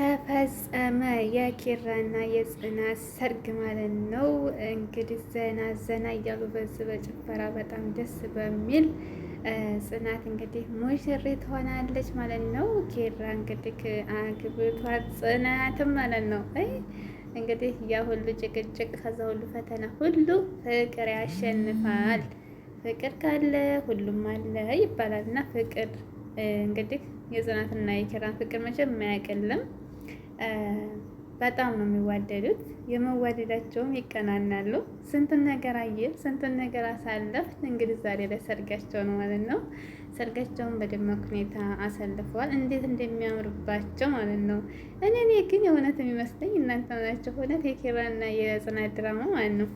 ተፈጸመ የኪራና የጽናት ሰርግ ማለት ነው። እንግዲህ ዘና ዘና እያሉ በዚህ በጭፈራ በጣም ደስ በሚል ጽናት እንግዲህ ሙሽሪት ትሆናለች ማለት ነው። ኪራ እንግዲህ አግብቷት ጽናትም ማለት ነው። እንግዲህ ያ ሁሉ ጭቅጭቅ፣ ከዛ ሁሉ ፈተና ሁሉ ፍቅር ያሸንፋል። ፍቅር ካለ ሁሉም አለ ይባላል እና ፍቅር እንግዲህ የጽናትና የኪራን ፍቅር መቼም የማያቀልም። በጣም ነው የሚዋደዱት። የመዋደዳቸውም ይቀናናሉ። ስንትን ነገር አየን፣ ስንትን ነገር አሳለፍ። እንግዲህ ዛሬ ላይ ሰርጋቸው ነው ማለት ነው። ሰርጋቸውን በደማቅ ሁኔታ አሳልፈዋል። እንዴት እንደሚያምርባቸው ማለት ነው። እኔ እኔ ግን የእውነት የሚመስለኝ እናንተ ናቸው። እውነት የኬራና የጽናት ድራማ ማለት ነው።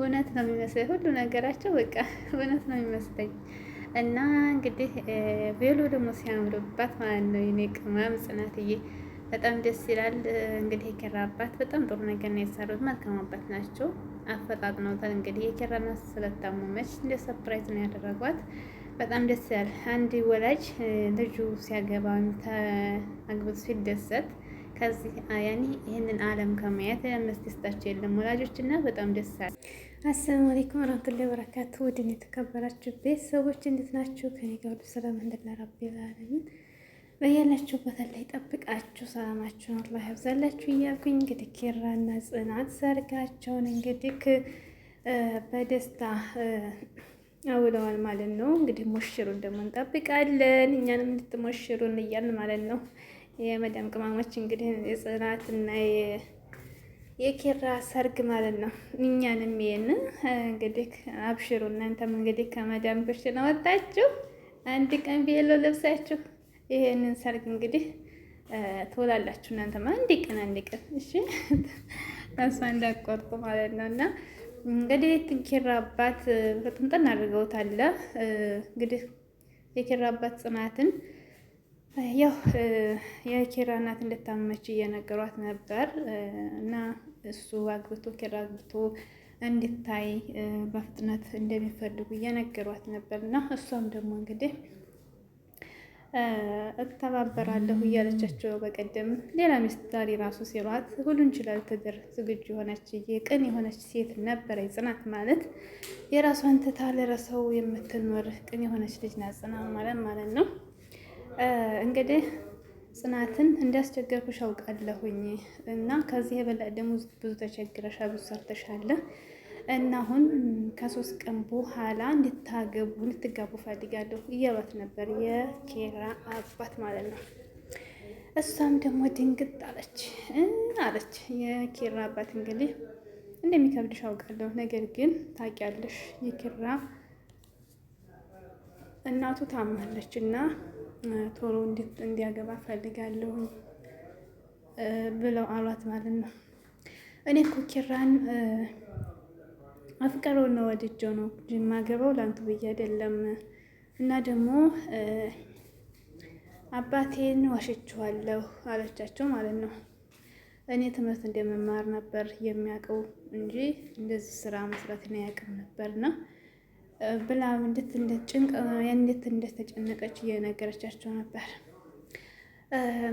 እውነት ነው የሚመስለኝ ሁሉ ነገራቸው በቃ እውነት ነው የሚመስለኝ። እና እንግዲህ ቬሎ ደግሞ ሲያምርባት ማለት ነው። የኔ ቅመም ጽናትዬ በጣም ደስ ይላል። እንግዲህ የኪራ አባት በጣም ጥሩ ነገር ነው የሰሩት። መልካም አባት ናቸው። አፈጣጥነውታል። እንግዲህ የኪራ እናት ስለታመመች እንደ ሰፕራይዝ ነው ያደረጓት። በጣም ደስ ይላል። አንድ ወላጅ ልጁ ሲያገባ አግብቶ ሲደሰት ከዚህ ያኔ ይህንን ዓለም ከማየት መስደስታቸው የለም ወላጆች እና በጣም ደስ ይላል። አሰላሙ አለይኩም ወራህመቱላሂ ወበረካቱ። ውድ የተከበራችሁ ቤተሰቦች እንዴት ናችሁ? ከኔ ጋር ሁሉ ሰላም እንደና ረቢል ዓለሚን በያላችሁበት ላይ ጠብቃችሁ ሰላማችሁን አላህ ያብዛላችሁ እያልኩኝ እንግዲህ ኪራና ጽናት ሰርጋቸውን እንግዲህ በደስታ አውለዋል ማለት ነው። እንግዲህ ሞሽሩን ደግሞ እንጠብቃለን እኛንም እንድትሞሽሩን እያልን ማለት ነው። የመዳም ቅማሞች እንግዲህ የጽናትና የኪራ ሰርግ ማለት ነው። እኛንም ይሄን እንግዲህ አብሽሩ እናንተም እንግዲህ ከመዳም ኩሽና ወጣችሁ አንድ ቀን ቤሎ ለብሳችሁ ይሄንን ሰርግ እንግዲህ ትውላላችሁ እናንተማ አንድ ቀን አንድ ቀን እሺ፣ ተስፋ እንዳትቆርጡ ማለት ነው። እና እንግዲህ የኪራ አባት ፍጥንጥን አድርገውታል። እንግዲህ የኪራ አባት ጽናትን ያው የኪራ እናት እንድታመች እየነገሯት ነበር እና እሱ አግብቶ ኪራ አግብቶ እንድታይ በፍጥነት እንደሚፈልጉ እየነገሯት ነበር እና እሷም ደግሞ እንግዲህ እተባበራለሁ እያለቻቸው በቀደም ሌላ ሚስታሪ ራሱ ሲሏት ሁሉን ችላ ልትድር ዝግጁ የሆነች ቅን የሆነች ሴት ነበረ። ጽናት ማለት የራሷን ትታ ለረሰው የምትኖር ቅን የሆነች ልጅ ናት ጽና ማለት ማለት ነው እንግዲህ ጽናትን እንዲያስቸገርኩሽ አውቃለሁኝ እና ከዚህ የበላቅ ደግሞ ብዙ ተቸግረሻ ብዙ ሰርተሻለ እና አሁን ከሶስት ቀን በኋላ እንድታገቡ እንድትጋቡ ፈልጋለሁ እያሏት ነበር የኬራ አባት ማለት ነው። እሷም ደግሞ ድንግጥ አለች አለች። የኬራ አባት እንግዲህ እንደሚከብድሽ አውቃለሁ፣ ነገር ግን ታውቂያለሽ የኬራ እናቱ ታማለች እና ቶሎ እንዲያገባ ፈልጋለሁ ብለው አሏት ማለት ነው። እኔ እኮ ኪራን እና ወድጀው ነው ማገባው ለአንቱ ብዬ አይደለም። እና ደግሞ አባቴን ዋሸችኋለሁ አለቻቸው ማለት ነው። እኔ ትምህርት እንደመማር ነበር የሚያውቀው እንጂ እንደዚህ ስራ መስራት ነው ያውቅም ነው ብላ እንዴት እንደተጨነቀች እየነገረቻቸው ነበር።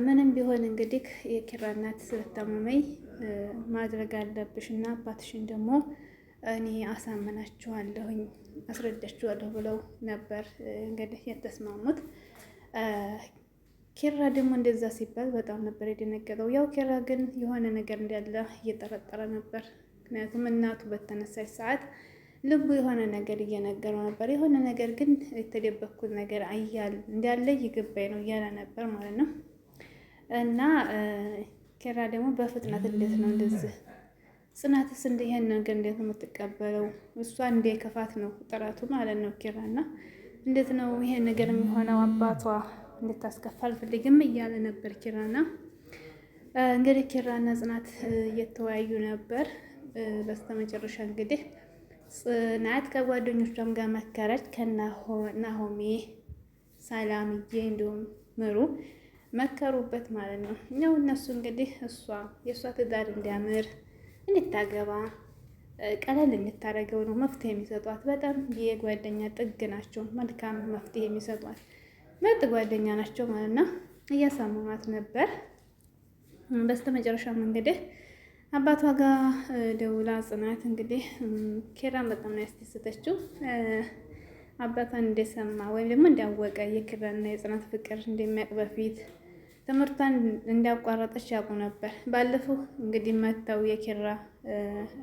ምንም ቢሆን እንግዲህ የኪራ እናት ስለታመመኝ ማድረግ አለብሽ እና አባትሽን ደግሞ እኔ አሳምናችኋለሁኝ አስረዳችኋለሁ ብለው ነበር እንግዲህ የተስማሙት። ኬራ ደግሞ እንደዛ ሲባል በጣም ነበር የደነገጠው። ያው ኬራ ግን የሆነ ነገር እንዳለ እየጠረጠረ ነበር። ምክንያቱም እናቱ በተነሳች ሰዓት ልቡ የሆነ ነገር እየነገረው ነበር። የሆነ ነገር ግን የተደበኩት ነገር አያል እንዳለ እየገባኝ ነው እያለ ነበር ማለት ነው። እና ኬራ ደግሞ በፍጥነት እንዴት ነው እንደዚህ ጽናትስ እንደ ይሄን ነገር እንዴት ነው የምትቀበለው? እሷ እንደ ክፋት ነው ጥረቱ ማለት ነው። ኪራና እንዴት ነው ይሄ ነገር የሚሆነው? አባቷ እንድታስከፋ አልፈልግም እያለ ነበር ኪራና እንግዲህ ኪራና ጽናት እየተወያዩ ነበር። በስተመጨረሻ እንግዲህ ጽናት ከጓደኞቿም ጋር መከረች። ከናሆሜ ሰላምዬ፣ እንዲሁም ምሩ መከሩበት ማለት ነው። ያው እነሱ እንግዲህ እሷ የእሷ ትዳር እንዲያምር እንድታገባ ቀለል እንድታደርገው ነው መፍትሄ የሚሰጧት። በጣም የጓደኛ ጥግ ናቸው። መልካም መፍትሄ የሚሰጧት ምርጥ ጓደኛ ናቸው ማለት ነው። እያሳመማት ነበር። በስተ እንግዲህ አባቷ ጋር ደውላ ጽናት እንግዲህ ኬራን በጣም ነው ያስደሰተችው። አባቷን እንደሰማ ወይም ደግሞ እንዳወቀ የኪራና የጽናት ፍቅር እንደሚያውቅ በፊት ትምህርቷን እንዳቋረጠች ያውቁ ነበር። ባለፈው እንግዲህ መጥተው የኪራ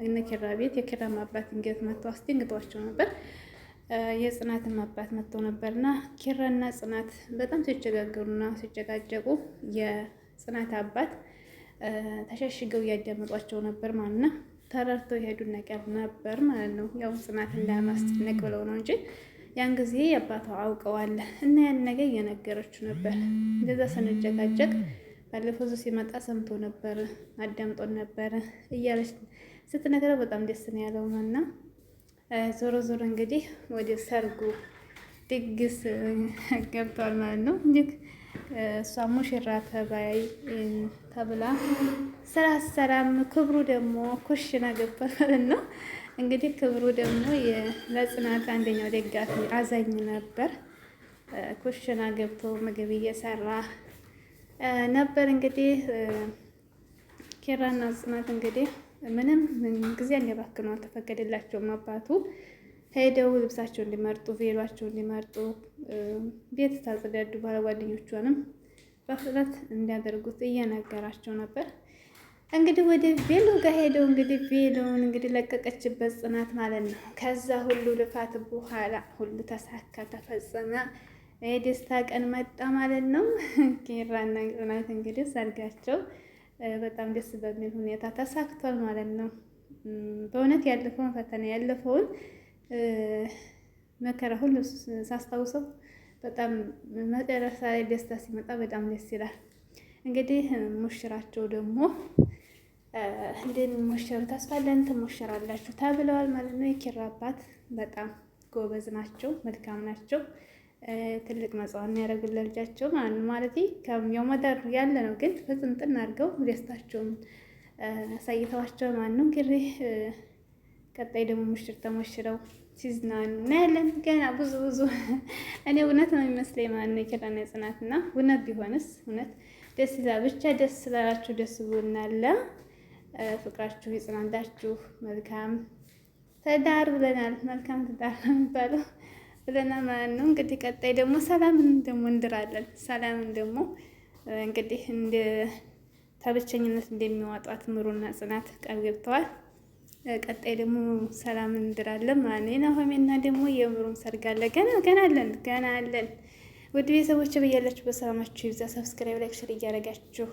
እነ ኪራ ቤት የኪራ አባት እንግት መተው አስደንግጧቸው ነበር። የጽናትም አባት መጥተው ነበር እና ኪራና ጽናት በጣም ሲቸጋገሩና ሲጨቃጨቁ የጽናት አባት ተሸሽገው እያዳመጧቸው ነበር ማለት ነው። ተረድተው የሄዱ ነገር ነበር ማለት ነው። ያው ጽናት እንዳማስጨነቅ ብለው ነው እንጂ ያን ጊዜ አባቷ አውቀዋለ እና ያን ነገር እየነገረችው ነበር። እንደዛ ስንጨቃጨቅ ባለፈው እሱ ሲመጣ ሰምቶ ነበር አዳምጦን ነበር እያለች ስትነግረው በጣም ደስ ነው ያለው ነው እና ዞሮ ዞሮ እንግዲህ ወደ ሰርጉ ድግስ ገብተዋል ማለት ነው። እሷ ሙሽራ ተባይ ተብላ ስራ አሰራም ክብሩ ደግሞ ኩሽና ገባ ማለት ነው። እንግዲህ ክብሩ ደግሞ ለጽናት አንደኛው ደጋፊ አዛኝ ነበር። ኩሽና ገብቶ ምግብ እየሰራ ነበር። እንግዲህ ኪራና ጽናት እንግዲህ ምንም ጊዜ እንዲባክኑ አልተፈቀደላቸውም አባቱ ሄደው ልብሳቸው እንዲመርጡ ቬሏቸው እንዲመርጡ ቤት ታጸዳዱ ባለ ጓደኞቿንም በፍጥነት እንዲያደርጉት እየነገራቸው ነበር። እንግዲህ ወደ ቬሎ ጋር ሄደው እንግዲህ ቬሎውን እንግዲህ ለቀቀችበት ጽናት ማለት ነው። ከዛ ሁሉ ልፋት በኋላ ሁሉ ተሳካ፣ ተፈጸመ። የደስታ ቀን መጣ ማለት ነው። ኪራና ጽናት እንግዲህ ሰርጋቸው በጣም ደስ በሚል ሁኔታ ተሳክቷል ማለት ነው። በእውነት ያለፈውን ፈተና ያለፈውን መከራ ሁሉ ሳስታውሰው በጣም መጨረሻ ላይ ደስታ ሲመጣ በጣም ደስ ይላል። እንግዲህ ሙሽራቸው ደግሞ እንደሚሞሸሩ ተስፋ አለን ትሞሸራላችሁ ተብለዋል ማለት ነው። የኪራ አባት በጣም ጎበዝ ናቸው፣ መልካም ናቸው። ትልቅ መጽዋን ነው ያደረጉት ለልጃቸው ማለት ማለት ያው መዳር ያለ ነው፣ ግን ፍጽምጥን አድርገው ደስታቸውን አሳይተዋቸው ማለት ነው እንግዲህ ቀጣይ ደግሞ ሙሽር ተሞሽረው ሲዝናኑ እናያለን። ገና ብዙ ብዙ እኔ እውነት ነው የሚመስለኝ ማለት ነው የኪራና እና እውነት ቢሆንስ እውነት ደስ ይላል። ብቻ ደስ ስላላችሁ ደስ ብሎናል። ፍቅራችሁ ይጽናላችሁ። መልካም ትዳር ብለናል። መልካም ትዳር ነው የሚባለው ብለናል ማለት ነው። እንግዲህ ቀጣይ ደግሞ ሰላምን ደግሞ እንድራለን። ሰላምን ደግሞ እንግዲህ እንደ ከብቸኝነት እንደሚዋጧት ምሩና ጽናት ቃል ገብተዋል። ቀጣይ ደግሞ ሰላም እንድራለን ማለት ነው። የናሆሜና ደግሞ የምሩም ሰርጋለ ገና ገና አለን ገና አለን። ውድ ቤተሰቦች በያላችሁ በሰላማችሁ ይብዛ። ሰብስክራይብ፣ ላይክ፣ ሸር እያደረጋችሁ